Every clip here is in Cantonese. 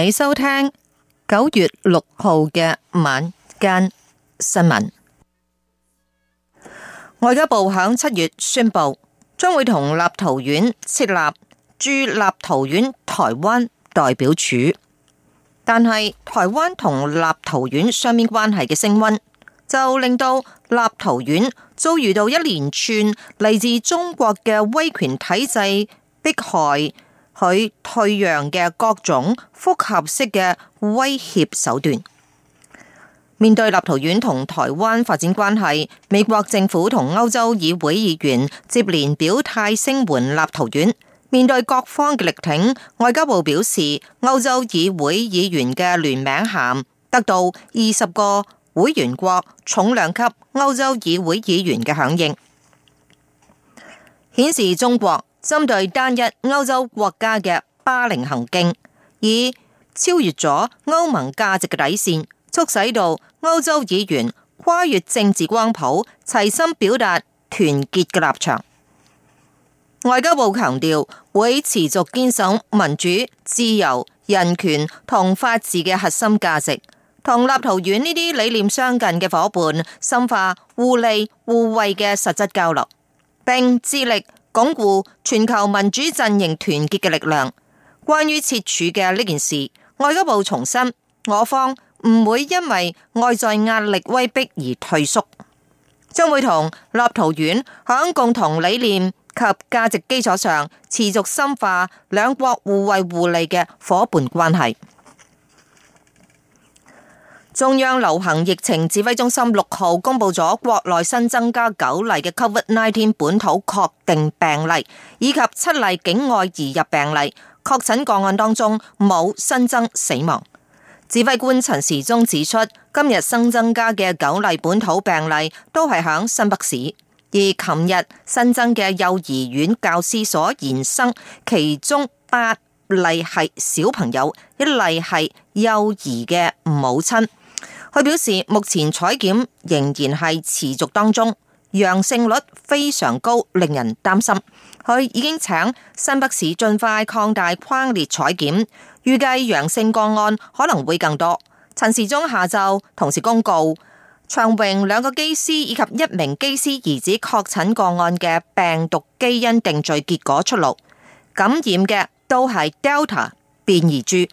你收聽九月六號嘅晚間新聞。外交部響七月宣布，將會同立陶宛設立駐立陶宛台灣代表處。但係台灣同立陶宛雙邊關係嘅升溫，就令到立陶宛遭遇到一連串嚟自中國嘅威權體制迫害。佢退讓嘅各種複合式嘅威脅手段。面對立陶宛同台灣發展關係，美國政府同歐洲議會議員接連表態聲援立陶宛。面對各方嘅力挺，外交部表示，歐洲議會議員嘅聯名函得到二十個會員國重量級歐洲議會議員嘅響應，顯示中國針對單一歐洲國家嘅霸凌行徑，已超越咗歐盟價值嘅底線，促使到歐洲議員跨越政治光譜，齊心表達團結嘅立場。外交部強調會持續堅守民主、自由、人權同法治嘅核心價值，同立陶宛呢啲理念相近嘅夥伴深化互利互惠嘅實質交流，並致力。鞏固全球民主陣營團結嘅力量。關於撤除嘅呢件事，外交部重申，我方唔會因為外在壓力威逼而退縮，將會同立陶宛響共同理念及價值基礎上，持續深化兩國互惠互利嘅伙伴關係。中央流行疫情指揮中心六號公布咗國內新增加九例嘅 COVID-19 本土確定病例，以及七例境外移入病例。確診個案當中冇新增死亡。指揮官陳時中指出，今日新增加嘅九例本土病例都係響新北市，而琴日新增嘅幼兒園教師所衍生，其中八例係小朋友，一例係幼兒嘅母親。佢表示，目前採檢仍然係持續當中，陽性率非常高，令人擔心。佢已經請新北市盡快擴大匡列採檢，預計陽性個案可能會更多。陳時中下晝同時公告，長榮兩個機師以及一名機師兒子確診個案嘅病毒基因定序結果出爐，感染嘅都係 Delta 變異株。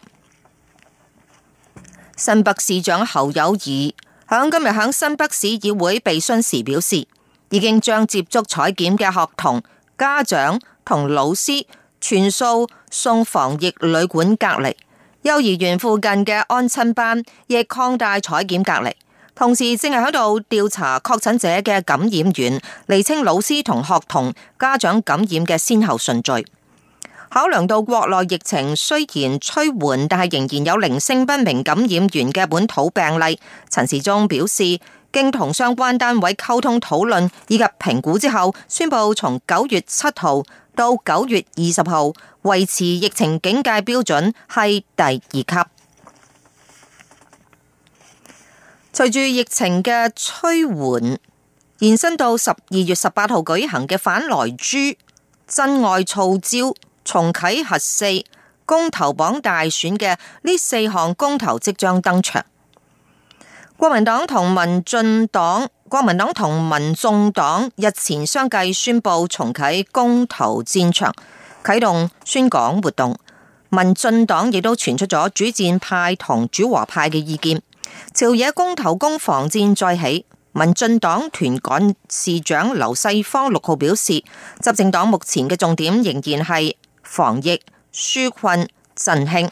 新北市長侯友宜響今日響新北市議會備詢時表示，已經將接觸採檢嘅學童、家長同老師全數送防疫旅館隔離，幼兒園附近嘅安親班亦擴大採檢隔離，同時正係喺度調查確診者嘅感染源，釐清老師同學童家長感染嘅先後順序。考量到國內疫情雖然趨緩，但係仍然有零星不明感染源嘅本土病例，陳時中表示，經同相關單位溝通討論以及評估之後，宣布從九月七號到九月二十號維持疫情警戒標準係第二級。隨住疫情嘅趨緩，延伸到十二月十八號舉行嘅反萊豬、珍愛藻礁，重啟核四、公投綁大選嘅呢四項公投即將登場。國民黨同民進黨，國民黨同民眾黨日前相繼宣布，重啟公投戰場，啟動宣講活動。民進黨亦都傳出咗主戰派同主和派嘅意見。朝野公投攻防戰再起，民進黨團幹事長劉世芳六號表示，執政黨目前嘅重點仍然係。防疫紓困振興，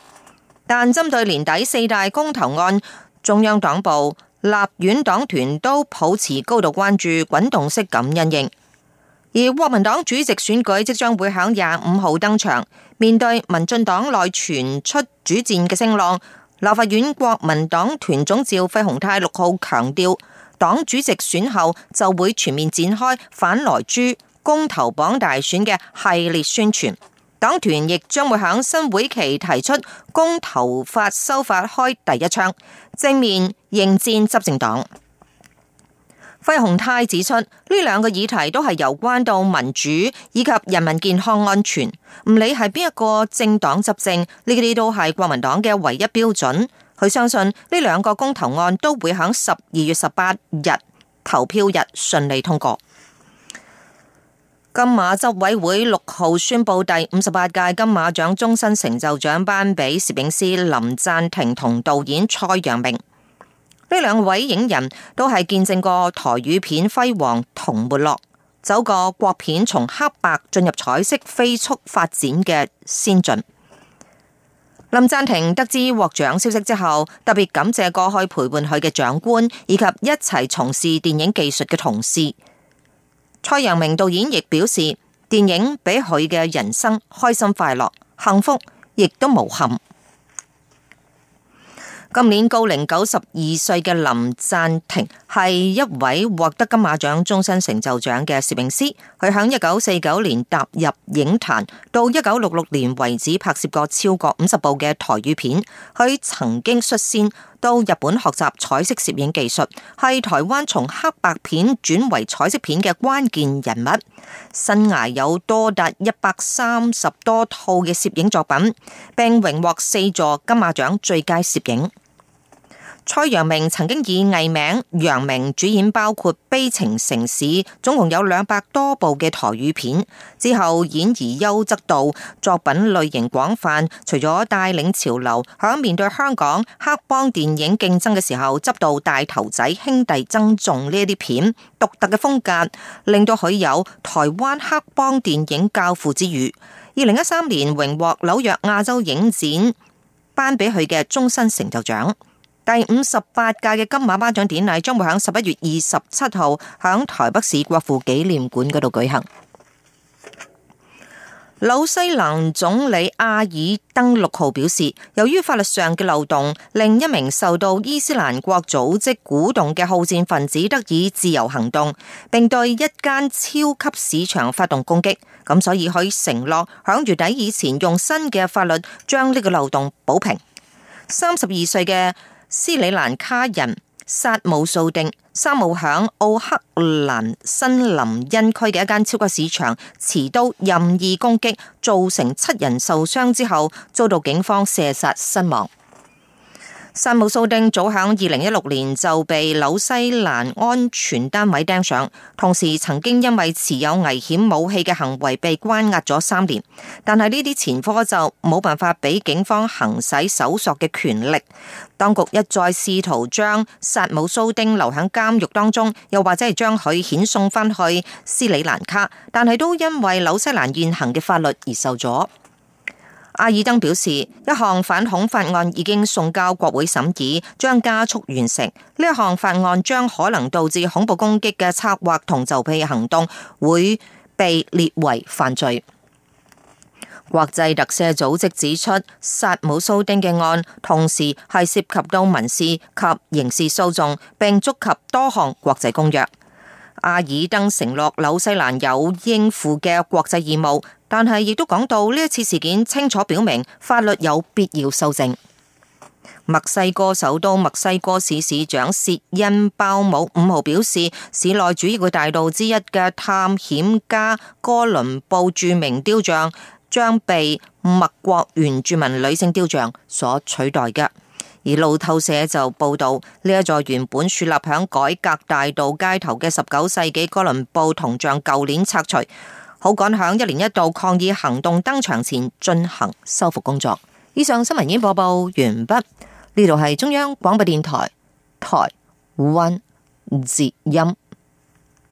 但針對年底四大公投案，中央黨部立院黨團都抱持高度關注，滾動式噉因應。而國民黨主席選舉即將會喺廿五號登場，面對民進黨內傳出主戰嘅聲浪，立法院國民黨團總召費鴻泰六號強調，黨主席選後就會全面展開反萊豬公投綁大選嘅系列宣傳。黨團亦將會喺新會期提出公投法修法開第一槍，正面迎戰執政黨。費鴻泰指出，呢兩個議題都係有關到民主以及人民健康安全，唔理係邊一個政黨執政，呢啲都係國民黨嘅唯一標準。佢相信呢兩個公投案都會喺十二月十八日投票日順利通過。金馬執委會六號宣布，第五十八屆金馬獎終身成就獎頒俾攝影師林贊庭同導演蔡揚名。呢兩位影人都係見證過台語片輝煌同沒落，走過國片從黑白進入彩色飛速發展嘅先進。林贊庭得知獲獎消息之後，特別感謝過去陪伴佢嘅長官以及一齊從事電影技術嘅同事。蔡揚名導演亦表示，電影俾佢嘅人生開心、快樂、幸福，亦都無憾。今年高齡九十二歲嘅林贊庭。係一位獲得金馬獎終身成就獎嘅攝影師，佢響一九四九年踏入影壇，到一九六六年為止拍攝過超過五十部嘅台語片。佢曾經率先到日本學習彩色攝影技術，係台灣從黑白片轉為彩色片嘅關鍵人物。生涯有多達一百三十多套嘅攝影作品，並榮獲四座金馬獎最佳攝影。蔡揚名曾經以藝名陽明主演包括《悲情城市》，總共有兩百多部嘅台語片。之後演而優則導，作品類型廣泛。除咗帶領潮流，響面對香港黑幫電影競爭嘅時候，執導大頭仔兄弟珍重》呢啲片，獨特嘅風格令到佢有台灣黑幫電影教父之譽。二零一三年榮獲紐約亞洲影展頒俾佢嘅終身成就獎。第五十八屆嘅金馬頒獎典禮將會喺十一月二十七號喺台北市國父紀念館嗰度舉行。紐西蘭總理阿爾登六號表示，由於法律上嘅漏洞，令一名受到伊斯蘭國組織鼓動嘅好戰分子得以自由行動，並對一間超級市場發動攻擊。咁所以佢承諾喺月底以前用新嘅法律將呢個漏洞補平。三十二歲嘅。斯里蘭卡人薩姆素定，薩姆響奧克蘭新林恩區嘅一間超級市場持刀任意攻擊，造成七人受傷之後，遭到警方射殺身亡。薩姆蘇丁早喺二零一六年就被紐西蘭安全單位盯上，同時曾經因為持有危險武器嘅行為被關押咗三年，但係呢啲前科就冇辦法俾警方行使搜索嘅權力。當局一再試圖將薩姆蘇丁留喺監獄當中，又或者係將佢遣送翻去斯里蘭卡，但係都因為紐西蘭現行嘅法律而受阻。阿爾登表示，一項反恐法案已經送交國會審議，將加速完成。呢一項法案將可能導致恐怖攻擊嘅策劃同籌備行動會被列為犯罪。國際特赦組織指出，薩姆蘇丁嘅案同時係涉及到民事及刑事訴訟，並觸及多項國際公約。阿爾登承諾紐西蘭有應付嘅國際義務，但係亦都講到呢一次事件清楚表明法律有必要修正。墨西哥首都墨西哥市市長薛恩包姆五號表示，市內主要嘅大道之一嘅探險家哥倫布著名雕像將被墨國原住民女性雕像所取代嘅。而路透社就報道，呢一座原本樹立響改革大道街頭嘅十九世紀哥倫布銅像，舊年拆除，好趕響一年一度抗議行動登場前進行修復工作。以上新聞已經播報完畢，呢度係中央廣播電台台灣之音。